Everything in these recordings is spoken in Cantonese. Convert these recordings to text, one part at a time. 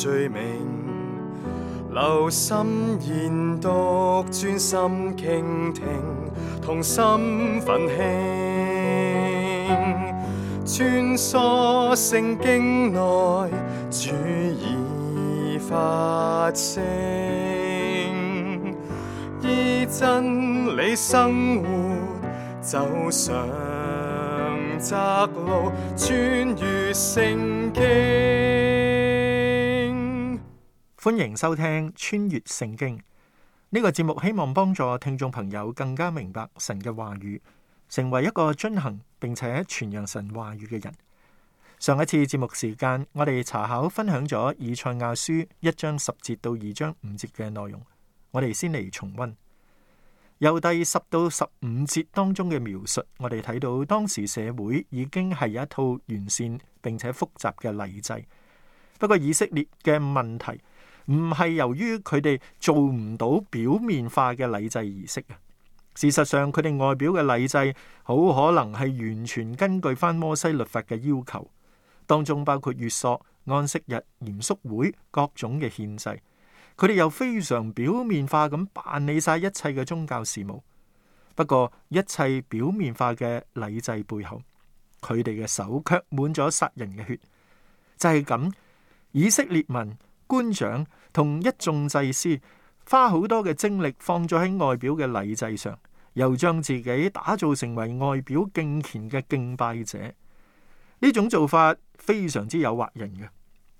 罪名留心研讀，專心傾聽，同心奮興，穿梭聖經內，主已發聲，依真理生活，走上窄路，穿越聖經。歡迎收聽《穿越聖經》呢個節目，希望幫助聽眾朋友更加明白神嘅話語，成為一個遵行並且傳揚神話語嘅人。上一次節目時間，我哋查考分享咗《以賽亞書》一章十節到二章五節嘅內容，我哋先嚟重温由第十到十五節當中嘅描述。我哋睇到當時社會已經係有一套完善並且複雜嘅禮制，不過以色列嘅問題。唔係由於佢哋做唔到表面化嘅禮制儀式啊！事實上，佢哋外表嘅禮制好可能係完全根據返摩西律法嘅要求，當中包括月朔、安息日、嚴肅會各種嘅獻祭。佢哋又非常表面化咁辦理晒一切嘅宗教事務。不過，一切表面化嘅禮制背後，佢哋嘅手卻滿咗殺人嘅血。就係咁，以色列文官長，同一眾祭司花好多嘅精力放咗喺外表嘅禮制上，又將自己打造成為外表敬虔嘅敬拜者，呢種做法非常之誘惑人嘅，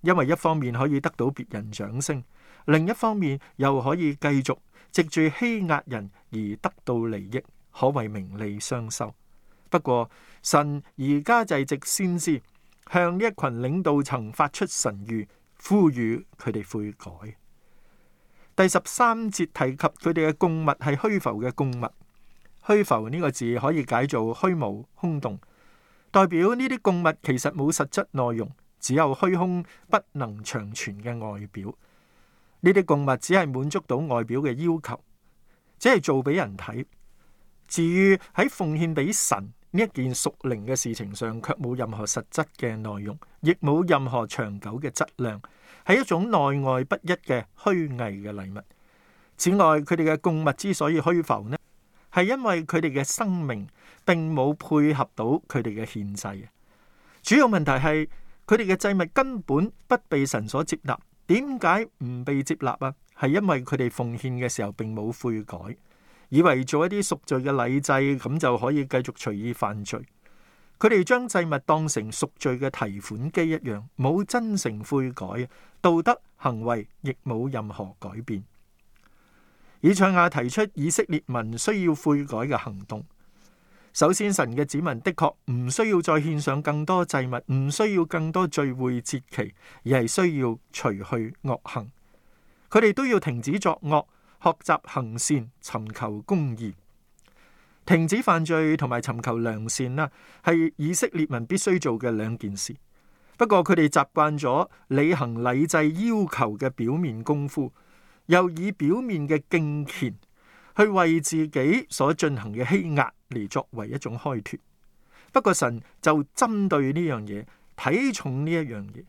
因為一方面可以得到別人掌聲，另一方面又可以繼續藉住欺壓人而得到利益，可謂名利雙收。不過神而家就係藉先知向一群領導層發出神諭。呼籲佢哋悔改。第十三節提及佢哋嘅供物係虛浮嘅供物，虛浮呢個字可以解做虛無、空洞，代表呢啲供物其實冇實質內容，只有虛空，不能長存嘅外表。呢啲供物只係滿足到外表嘅要求，只係做俾人睇。至於喺奉獻俾神，呢一件屬靈嘅事情上，卻冇任何實質嘅內容，亦冇任何長久嘅質量，係一種內外不一嘅虛偽嘅禮物。此外，佢哋嘅供物之所以虛浮呢，係因為佢哋嘅生命並冇配合到佢哋嘅獻祭。主要問題係佢哋嘅祭物根本不被神所接納。點解唔被接納啊？係因為佢哋奉獻嘅時候並冇悔改。以為做一啲贖罪嘅禮制，咁就可以繼續隨意犯罪。佢哋將祭物當成贖罪嘅提款機一樣，冇真誠悔改，道德行為亦冇任何改變。以賽亞提出以色列民需要悔改嘅行動。首先，神嘅子民的確唔需要再獻上更多祭物，唔需要更多聚會節期，而係需要除去惡行。佢哋都要停止作惡。學習行善，尋求公義，停止犯罪，同埋尋求良善啦，係以色列民必須做嘅兩件事。不過佢哋習慣咗履行禮制要求嘅表面功夫，又以表面嘅敬虔去為自己所進行嘅欺壓嚟作為一種開脫。不過神就針對呢樣嘢睇重呢一樣嘢，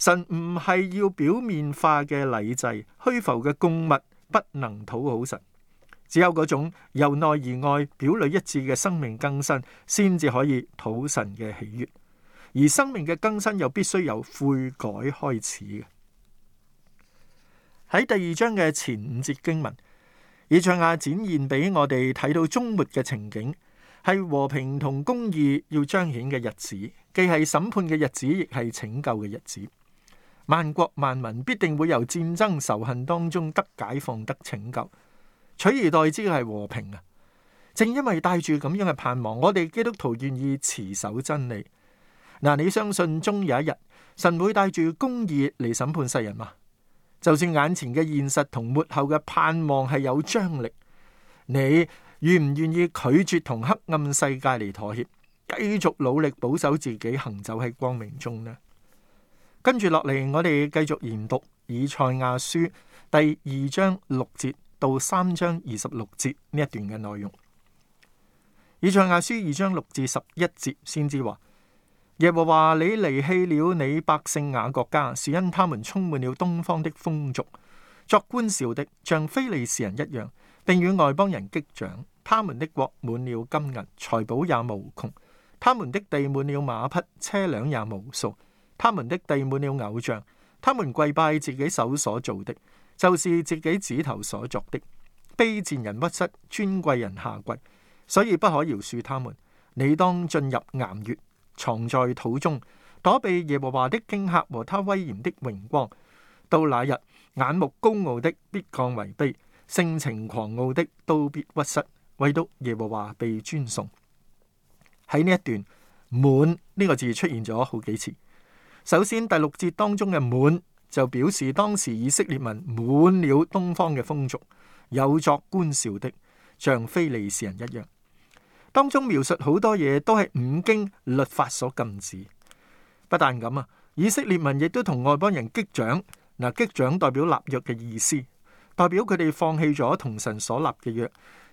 神唔係要表面化嘅禮制、虛浮嘅供物。不能討好神，只有嗰種由內而外表裏一致嘅生命更新，先至可以討神嘅喜悅。而生命嘅更新又必須由悔改開始嘅。喺第二章嘅前五節經文，以賽亞展現俾我哋睇到終末嘅情景，係和平同公義要彰顯嘅日子，既係審判嘅日子，亦係拯救嘅日子。萬國萬民必定會由戰爭仇恨當中得解放、得拯救，取而代之嘅係和平啊！正因為帶住咁樣嘅盼望，我哋基督徒願意持守真理。嗱，你相信終有一日，神會帶住公義嚟審判世人嘛？就算眼前嘅現實同末後嘅盼望係有張力，你願唔願意拒絕同黑暗世界嚟妥協，繼續努力保守自己行走喺光明中呢？跟住落嚟，我哋繼續研讀以賽亞書第二章六節到三章二十六節呢一段嘅內容。以賽亞書二章六至十一節先知話：耶和華，你離棄了你百姓雅各家，是因他們充滿了東方的風俗，作觀兆的像非利士人一樣，並與外邦人擊掌。他們的國滿了金銀，財寶也無窮，他們的地滿了馬匹，車輛也無數。他們的地滿了偶像，他們跪拜自己手所做的，就是自己指頭所作的。卑賤人屈膝，尊貴人下跪，所以不可饒恕他們。你當進入岩穴，藏在土中，躲避耶和華的驚嚇和他威嚴的榮光。到那日，眼目高傲的必降為卑，性情狂傲的都必屈膝，唯獨耶和華被尊崇。喺呢一段，滿呢個字出現咗好幾次。首先第六節當中嘅滿就表示當時以色列民滿了東方嘅風俗，有作觀兆的，像非利士人一樣。當中描述好多嘢都係五經律法所禁止。不但咁啊，以色列民亦都同外邦人擊掌。嗱，擊掌代表立約嘅意思，代表佢哋放棄咗同神所立嘅約，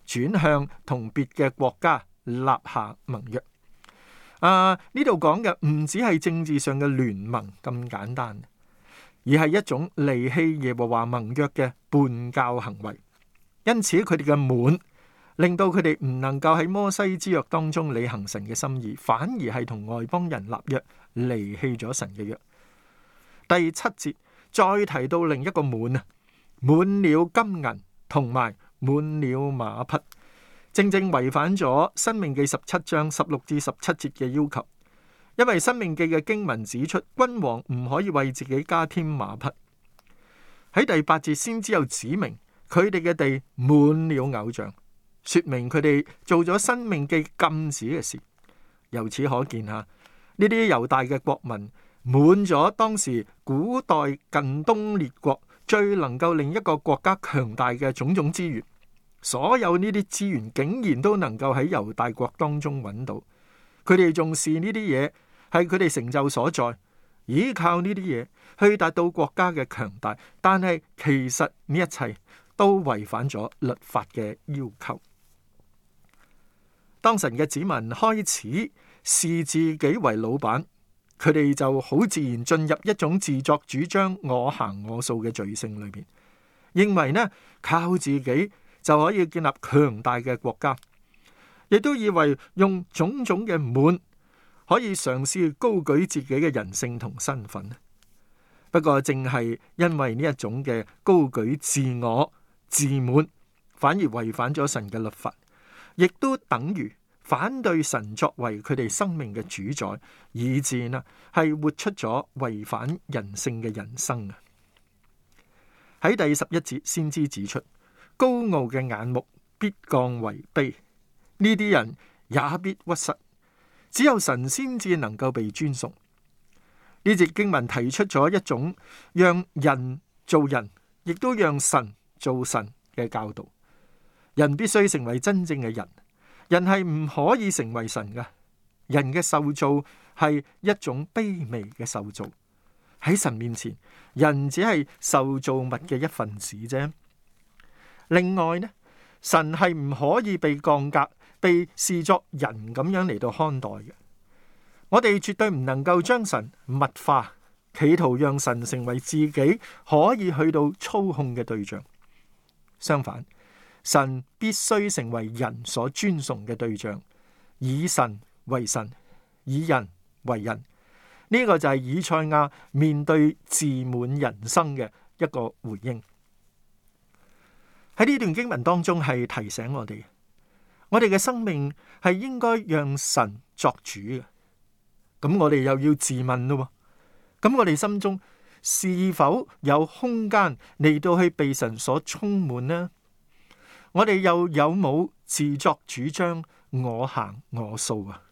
轉向同別嘅國家立下盟約。啊！呢度講嘅唔止係政治上嘅聯盟咁簡單，而係一種離棄耶和華盟約嘅叛教行為。因此佢哋嘅滿，令到佢哋唔能夠喺摩西之約當中履行神嘅心意，反而係同外邦人立約，離棄咗神嘅約。第七節再提到另一個滿啊，滿了金銀，同埋滿了馬匹。正正違反咗《申命記》十七章十六至十七節嘅要求，因為《申命記》嘅經文指出，君王唔可以為自己加添馬匹。喺第八節先只有指明，佢哋嘅地滿了偶像，說明佢哋做咗《申命記》禁止嘅事。由此可見，吓呢啲猶大嘅國民滿咗當時古代近東列國最能夠令一個國家強大嘅種種資源。所有呢啲資源竟然都能夠喺猶大國當中揾到，佢哋重視呢啲嘢係佢哋成就所在，依靠呢啲嘢去達到國家嘅強大。但係其實呢一切都違反咗律法嘅要求。當神嘅子民開始視自己為老闆，佢哋就好自然進入一種自作主張、我行我素嘅罪性裏面，認為呢靠自己。就可以建立強大嘅國家，亦都以為用種種嘅滿可以嘗試高舉自己嘅人性同身份。不過正係因為呢一種嘅高舉自我、自滿，反而違反咗神嘅律法，亦都等於反對神作為佢哋生命嘅主宰，以至啊係活出咗違反人性嘅人生啊！喺第十一節，先知指出。高傲嘅眼目必降為卑，呢啲人也必屈膝。只有神先至能夠被尊崇。呢節經文提出咗一種讓人做人，亦都讓神做神嘅教導。人必須成為真正嘅人，人係唔可以成為神嘅。人嘅受造係一種卑微嘅受造，喺神面前，人只係受造物嘅一份子啫。另外呢，神係唔可以被降格，被視作人咁樣嚟到看待嘅。我哋絕對唔能夠將神物化，企圖讓神成為自己可以去到操控嘅對象。相反，神必須成為人所尊崇嘅對象，以神為神，以人為人。呢、這個就係以賽亞面對自滿人生嘅一個回應。喺呢段經文當中係提醒我哋，我哋嘅生命係應該讓神作主嘅。咁我哋又要自問咯，咁我哋心中是否有空間嚟到去被神所充滿呢？我哋又有冇自作主張、我行我素啊？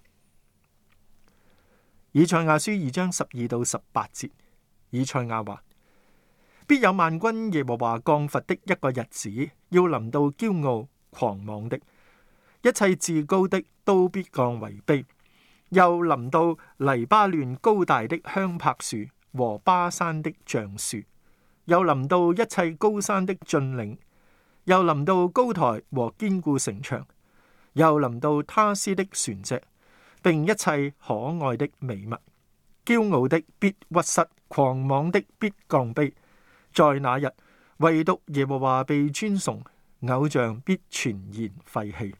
以賽亞書二章十二到十八節，以賽亞話。必有萬軍耶和華降罰的一個日子，要臨到驕傲狂妄的，一切至高的，都必降為卑；又臨到黎巴嫩高大的香柏樹和巴山的橡樹，又臨到一切高山的峻嶺，又臨到高臺和堅固城牆，又臨到他斯的船隻，並一切可愛的美物。驕傲的必屈膝，狂妄的必降卑。在那日，唯獨耶和華被尊崇，偶像必全然廢棄。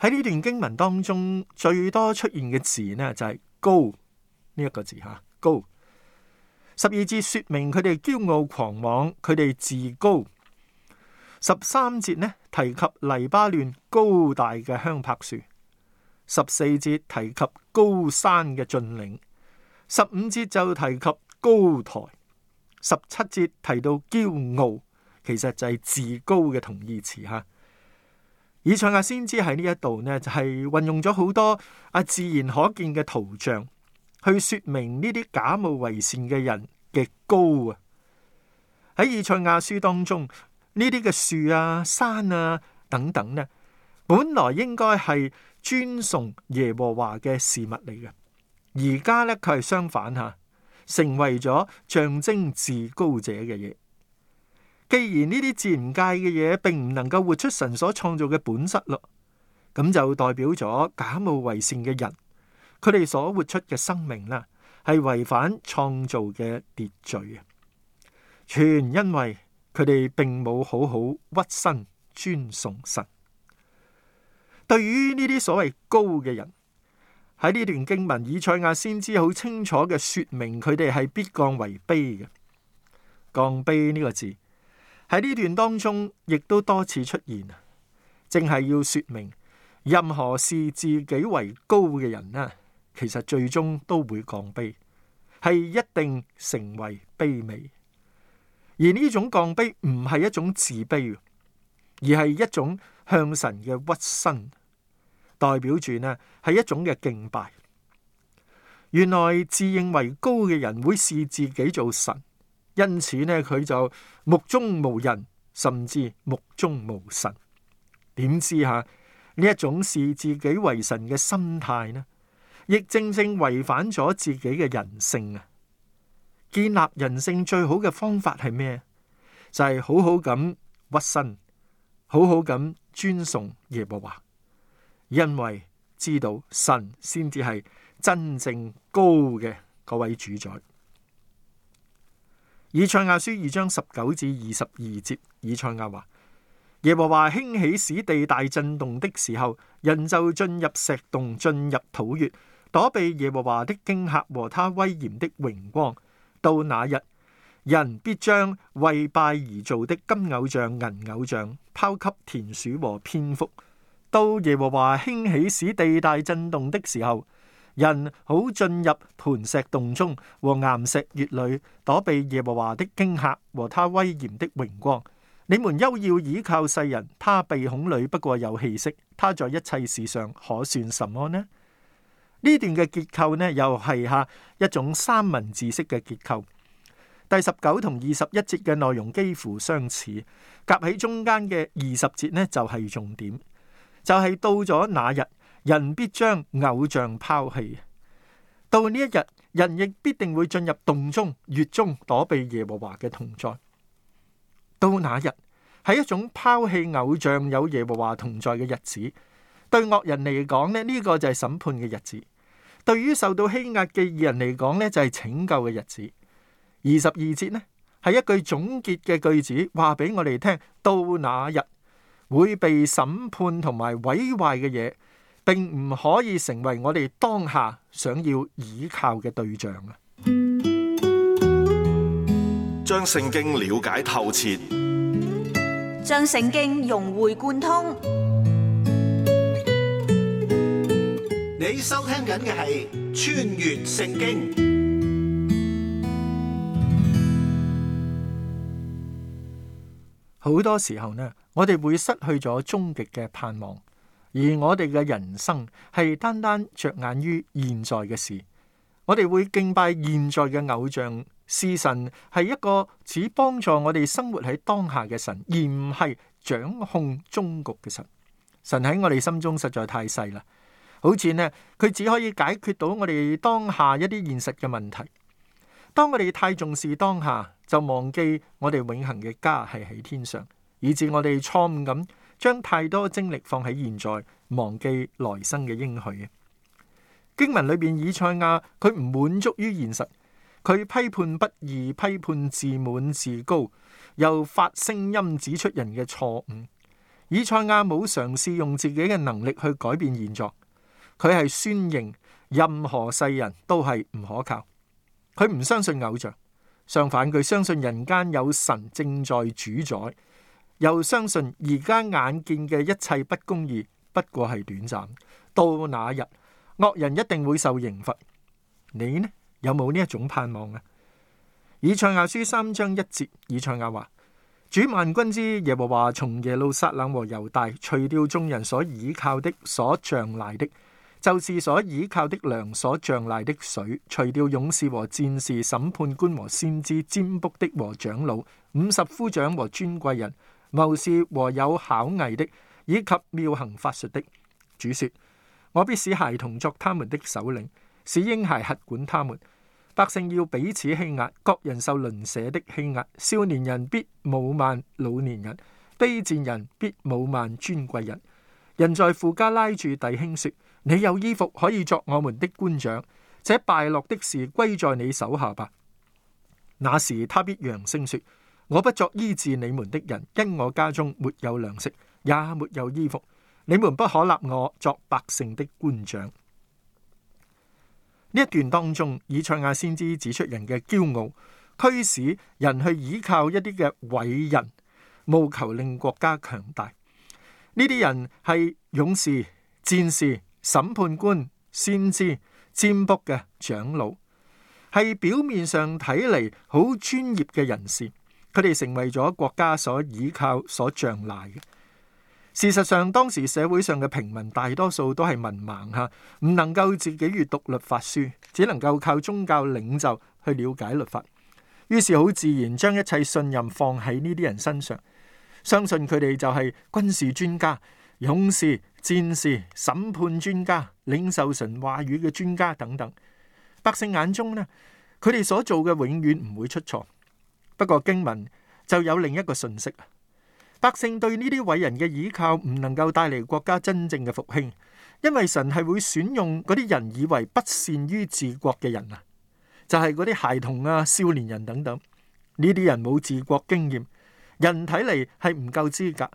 喺呢段經文當中，最多出現嘅字呢就係、是、高呢一、這個字吓高。十二節說明佢哋驕傲狂妄，佢哋自高。十三節呢提及黎巴嫩高大嘅香柏樹，十四節提及高山嘅峻嶺，十五節就提及高台。十七節提到驕傲，其實就係自高嘅同義詞吓。以賽亞先知喺呢一度呢，就係、是、運用咗好多啊自然可見嘅圖像，去說明呢啲假冒為善嘅人嘅高啊。喺以賽亞書當中，呢啲嘅樹啊、山啊等等呢，本來應該係尊崇耶和華嘅事物嚟嘅，而家呢佢係相反吓。成為咗象徵至高者嘅嘢。既然呢啲自然界嘅嘢並唔能夠活出神所創造嘅本質啦，咁就代表咗假冒為善嘅人，佢哋所活出嘅生命啦，係違反創造嘅秩序啊！全因為佢哋並冇好好屈身尊崇神。對於呢啲所謂高嘅人。喺呢段經文，以賽亞先知好清楚嘅說明，佢哋係必降為卑嘅。降卑呢個字喺呢段當中亦都多次出現，正係要說明任何視自己為高嘅人呢，其實最終都會降卑，係一定成為卑微。而呢種降卑唔係一種自卑，而係一種向神嘅屈身。代表住呢係一種嘅敬拜。原來自認為高嘅人會視自己做神，因此呢佢就目中無人，甚至目中無神。點知吓呢一種視自己為神嘅心態呢，亦正正違反咗自己嘅人性啊！建立人性最好嘅方法係咩？就係好好咁屈身，好好咁尊崇耶和華。因為知道神先至係真正高嘅嗰位主宰。以賽亞書二章十九至二十二節，以賽亞話：耶和華興起使地大震動的時候，人就進入石洞，進入土穴，躲避耶和華的驚吓和他威嚴的榮光。到那日，人必將為拜而造的金偶像、銀偶像拋給田鼠和蝙蝠。到耶和華興起使地帶震動的時候，人好進入磐石洞中和岩石穴裏躲避耶和華的驚嚇和他威嚴的榮光。你們休要倚靠世人，他鼻孔裏不過有氣息，他在一切事上可算什麼呢？呢段嘅結構呢，又係吓一種三文治式嘅結構。第十九同二十一節嘅內容幾乎相似，夾喺中間嘅二十節呢，就係重點。就係到咗那日，人必將偶像拋棄。到呢一日，人亦必定會進入洞中、月中躲避耶和華嘅同在。到那日係一種拋棄偶像、有耶和華同在嘅日子。對惡人嚟講咧，呢、這個就係審判嘅日子；對於受到欺壓嘅義人嚟講呢就係、是、拯救嘅日子。二十二節呢係一句總結嘅句子，話俾我哋聽到那日。會被審判同埋毀壞嘅嘢，並唔可以成為我哋當下想要倚靠嘅對象啊！將聖經了解透徹、嗯，將聖經融會貫通。你收聽緊嘅係《穿越聖經》。好多時候呢？我哋會失去咗終極嘅盼望，而我哋嘅人生係單單着眼於現在嘅事。我哋會敬拜現在嘅偶像，神是神係一個只幫助我哋生活喺當下嘅神，而唔係掌控終局嘅神。神喺我哋心中實在太細啦，好似呢，佢只可以解決到我哋當下一啲現實嘅問題。當我哋太重視當下，就忘記我哋永恆嘅家係喺天上。以致我哋錯誤咁將太多精力放喺現在，忘記來生嘅應許嘅經文裏邊。以賽亞佢唔滿足於現實，佢批判不義，批判自滿自高，又發聲音指出人嘅錯誤。以賽亞冇嘗試用自己嘅能力去改變現狀，佢係宣認任何世人都係唔可靠。佢唔相信偶像，相反佢相信人間有神正在主宰。又相信而家眼見嘅一切不公義，不過係短暫。到那日，惡人一定會受刑罰。你呢？有冇呢一種盼望啊？以賽亞書三章一節，以賽亞話：主萬軍之耶和華從耶路撒冷和猶大除掉眾人所倚靠的、所仗賴的，就是所倚靠的糧、所仗賴的水；除掉勇士和戰士、審判官和先知、占卜的和長老、五十夫長和尊貴人。謀士和有巧藝的，以及妙行法術的，主說：我必使孩童作他們的首領，使嬰孩轄管他們。百姓要彼此欺壓，各人受鄰舍的欺壓。少年人必侮慢老年人，卑賤人必侮慢尊貴人。人在富家拉住弟兄說：你有衣服可以作我們的官長，這敗落的事歸在你手下吧。那時他必揚聲說。我不作醫治你們的人，因我家中沒有糧食，也沒有衣服。你們不可立我作百姓的官長。呢一段當中，以賽亞先知指出人嘅驕傲，驅使人去依靠一啲嘅偉人，務求令國家強大。呢啲人係勇士、戰士、審判官、先知、占卜嘅長老，係表面上睇嚟好專業嘅人士。佢哋成為咗國家所倚靠、所仗賴嘅。事實上，當時社會上嘅平民大多數都係文盲吓，唔能夠自己閱讀律法書，只能夠靠宗教領袖去了解律法。於是好自然，將一切信任放喺呢啲人身上，相信佢哋就係軍事專家、勇士、戰士、審判專家、領袖神話語嘅專家等等。百姓眼中呢，佢哋所做嘅永遠唔會出錯。不過經文就有另一個信息啊，百姓對呢啲偉人嘅倚靠唔能夠帶嚟國家真正嘅復興，因為神係會選用嗰啲人以為不善於治國嘅人啊，就係嗰啲孩童啊、少年人等等，呢啲人冇治國經驗，人睇嚟係唔夠資格，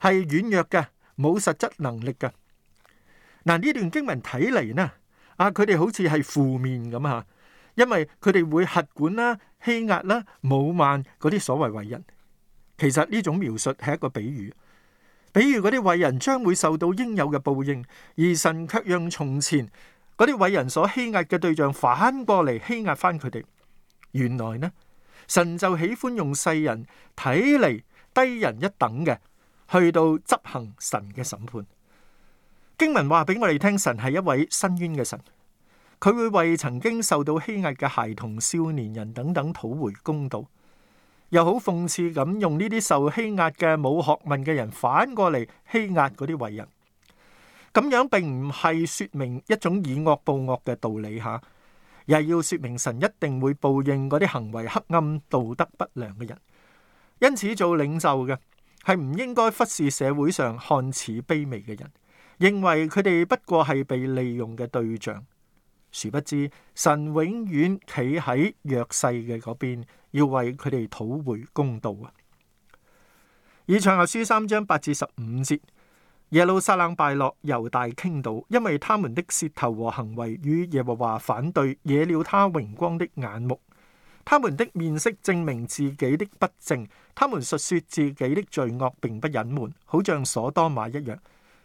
係軟弱嘅，冇實質能力嘅。嗱，呢段經文睇嚟呢，啊佢哋好似係負面咁啊。因為佢哋會轄管啦、欺壓啦、侮慢嗰啲所謂偉人，其實呢種描述係一個比喻。比喻嗰啲偉人將會受到應有嘅報應，而神卻讓從前嗰啲偉人所欺壓嘅對象反過嚟欺壓翻佢哋。原來呢，神就喜歡用世人睇嚟低人一等嘅，去到執行神嘅審判。經文話俾我哋聽，神係一位伸冤嘅神。佢會為曾經受到欺壓嘅孩童、少年人等等討回公道，又好諷刺咁用呢啲受欺壓嘅冇學問嘅人，反過嚟欺壓嗰啲偉人。咁樣並唔係說明一種以惡報惡嘅道理吓，而係要說明神一定會報應嗰啲行為黑暗、道德不良嘅人。因此做領袖嘅係唔應該忽視社會上看似卑微嘅人，認為佢哋不過係被利用嘅對象。殊不知，神永遠企喺弱勢嘅嗰邊，要為佢哋討回公道啊！以賽亞書三章八至十五節：耶路撒冷敗落，猶大傾倒，因為他們的舌頭和行為與耶和華反對，惹了他榮光的眼目。他們的面色證明自己的不正，他們述說自己的罪惡，並不隱瞞，好像所多瑪一樣。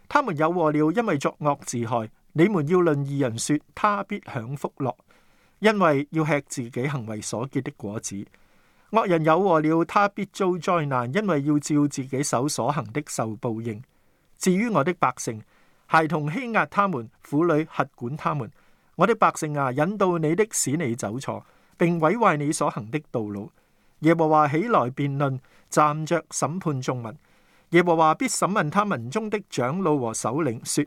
他們有禍了，因為作惡自害。你們要論義人說，他必享福樂，因為要吃自己行為所結的果子。惡人有禍了，他必遭災難，因為要照自己手所行的受報應。至於我的百姓，孩童欺壓他們，婦女轄管他們。我的百姓啊，引導你的使你走錯，並毀壞你所行的道路。耶和華起來辯論，站着審判眾民。耶和華必審問他民中的長老和首領，說。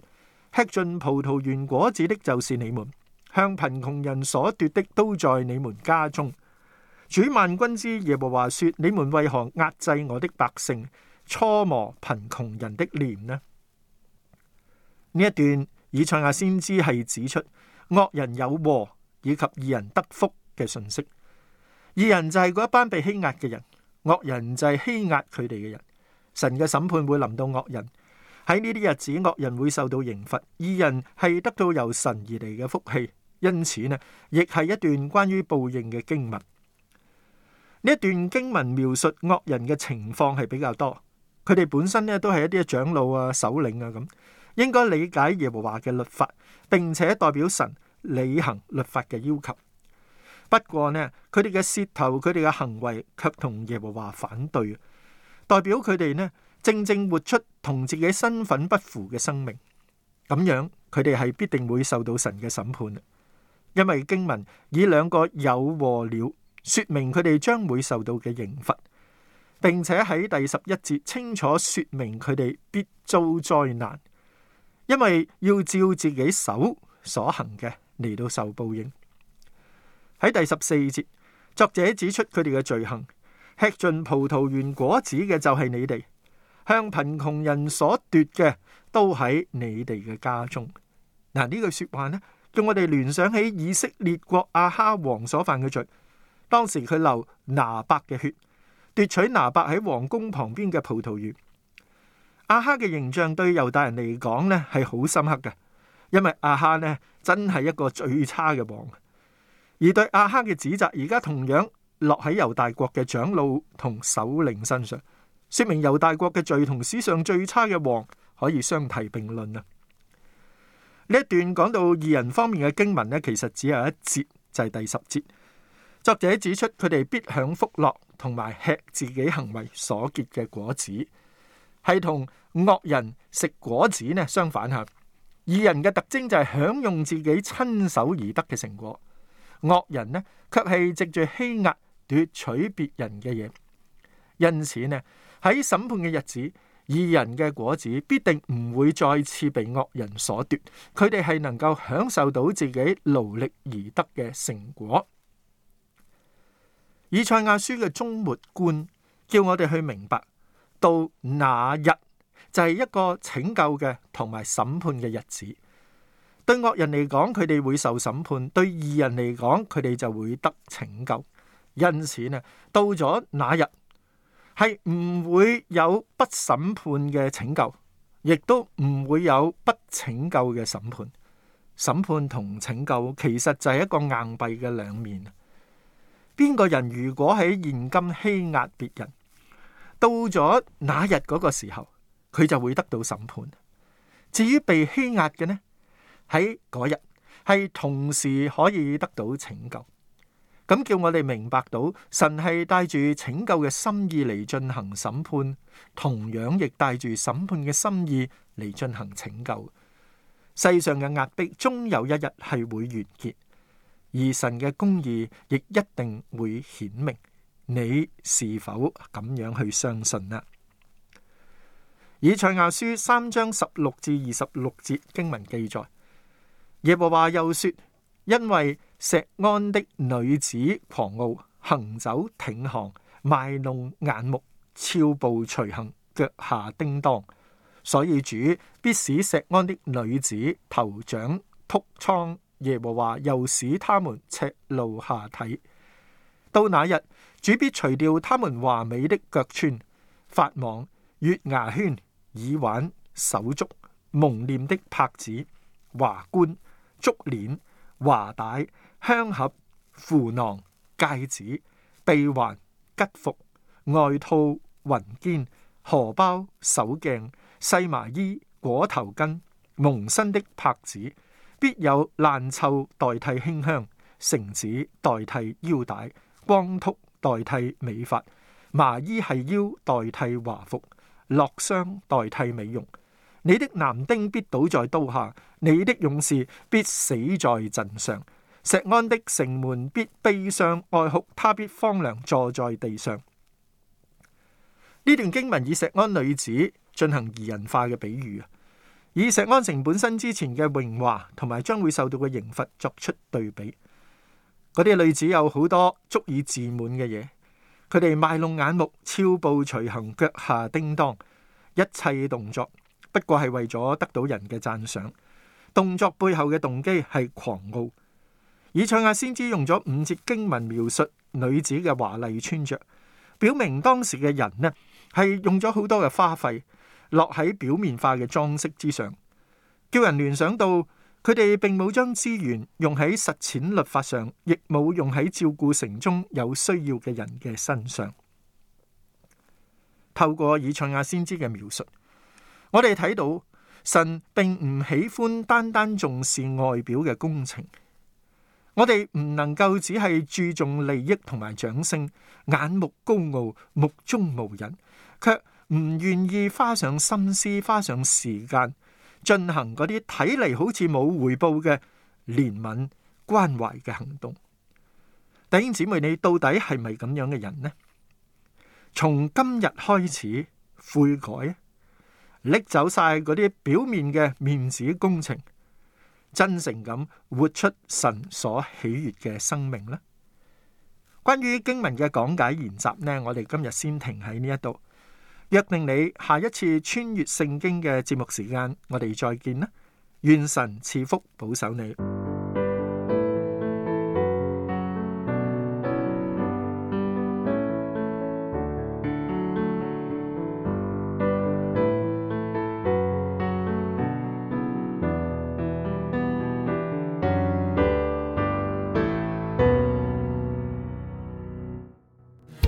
吃盡葡萄園果子的，就是你們；向貧窮人所奪的，都在你們家中。主萬軍之耶和華說：你們為何壓制我的百姓，搓磨貧窮人的臉呢？呢一段以賽亞先知係指出惡人有禍以及義人得福嘅信息。義人就係嗰一班被欺壓嘅人，惡人就係欺壓佢哋嘅人。神嘅審判會臨到惡人。喺呢啲日子，惡人會受到刑罰，義人係得到由神而嚟嘅福氣。因此呢，亦係一段關於報應嘅經文。呢一段經文描述惡人嘅情況係比較多，佢哋本身呢都係一啲長老啊、首領啊咁，應該理解耶和華嘅律法，並且代表神履行律法嘅要求。不過呢，佢哋嘅舌頭、佢哋嘅行為，卻同耶和華反對，代表佢哋呢，正正活出同自己身份不符嘅生命，咁樣，佢哋係必定會受到神嘅審判。因為經文以兩個有禍了，說明佢哋將會受到嘅刑罰，並且喺第十一節清楚說明佢哋必遭災難，因為要照自己手所行嘅嚟到受報應。喺第十四節，作者指出佢哋嘅罪行，吃盡葡萄園果子嘅就係你哋。向貧窮人所奪嘅，都喺你哋嘅家中。嗱，呢句說話呢，叫我哋聯想起以色列國阿哈王所犯嘅罪。當時佢流拿伯嘅血，奪取拿伯喺皇宮旁邊嘅葡萄園。阿哈嘅形象對猶大人嚟講呢係好深刻嘅，因為阿哈呢真係一個最差嘅王。而對阿哈嘅指責，而家同樣落喺猶大國嘅長老同首領身上。說明猶大國嘅罪同史上最差嘅王可以相提並論啊。呢一段講到義人方面嘅經文呢，其實只有一節，就係、是、第十節。作者指出佢哋必享福樂，同埋吃自己行為所結嘅果子，係同惡人食果子呢相反吓。義人嘅特徵就係享用自己親手而得嘅成果，惡人呢卻係藉住欺壓奪取別人嘅嘢，因此呢。喺審判嘅日子，義人嘅果子必定唔會再次被惡人所奪，佢哋係能夠享受到自己勞力而得嘅成果。以賽亞書嘅終末觀，叫我哋去明白，到那日就係一個拯救嘅同埋審判嘅日子。對惡人嚟講，佢哋會受審判；對義人嚟講，佢哋就會得拯救。因此呢，到咗那日。係唔會有不審判嘅拯救，亦都唔會有不拯救嘅審判。審判同拯救其實就係一個硬幣嘅兩面。邊個人如果喺現今欺壓別人，到咗那日嗰個時候，佢就會得到審判。至於被欺壓嘅呢，喺嗰日係同時可以得到拯救。咁叫我哋明白到神係帶住拯救嘅心意嚟進行審判，同樣亦帶住審判嘅心意嚟進行拯救。世上嘅壓迫終有一日係會完結，而神嘅公義亦一定會顯明。你是否咁樣去相信呢？以賽亞書三章十六至二十六節經文記載，耶和華又說：因為錫安的女子狂傲行走，挺行賣弄眼目，俏步隨行，腳下叮噹。所以主必使錫安的女子頭長禿瘡，耶和華又使他們赤露下體。到那日，主必除掉他們華美的腳穿髮網、月牙圈、耳環、手鐲、蒙臉的帕子、華冠、足鏈、華帶。香盒、符囊、戒指、臂環、吉服、外套、雲肩、荷包、手鏡、細麻衣、裹頭巾、蒙身的帕子，必有爛臭代替馨香；繩子代替腰帶，光禿代替美髮，麻衣繫腰代替華服，烙傷代替美容。你的男丁必倒在刀下，你的勇士必死在陣上。石安的城門必悲傷哀哭，愛他必荒涼坐在地上。呢段經文以錫安女子進行擬人化嘅比喻啊，以錫安城本身之前嘅榮華同埋將會受到嘅刑罰作出對比。嗰啲女子有好多足以自滿嘅嘢，佢哋賣弄眼目，超步隨行，腳下叮噹，一切動作不過係為咗得到人嘅讚賞。動作背後嘅動機係狂傲。以賽亞先知用咗五節經文描述女子嘅華麗穿着，表明當時嘅人呢係用咗好多嘅花費落喺表面化嘅裝飾之上，叫人聯想到佢哋並冇將資源用喺實踐律法上，亦冇用喺照顧城中有需要嘅人嘅身上。透過以賽亞先知嘅描述，我哋睇到神並唔喜歡單單重視外表嘅工程。我哋唔能夠只係注重利益同埋掌聲，眼目高傲，目中無人，卻唔願意花上心思、花上時間進行嗰啲睇嚟好似冇回報嘅憐憫、關懷嘅行動。弟兄姊妹，你到底係咪咁樣嘅人呢？從今日開始悔改，拎走晒嗰啲表面嘅面子工程。真誠咁活出神所喜悅嘅生命啦。關於經文嘅講解研習呢，我哋今日先停喺呢一度。約定你下一次穿越聖經嘅節目時間，我哋再見啦。願神賜福保守你。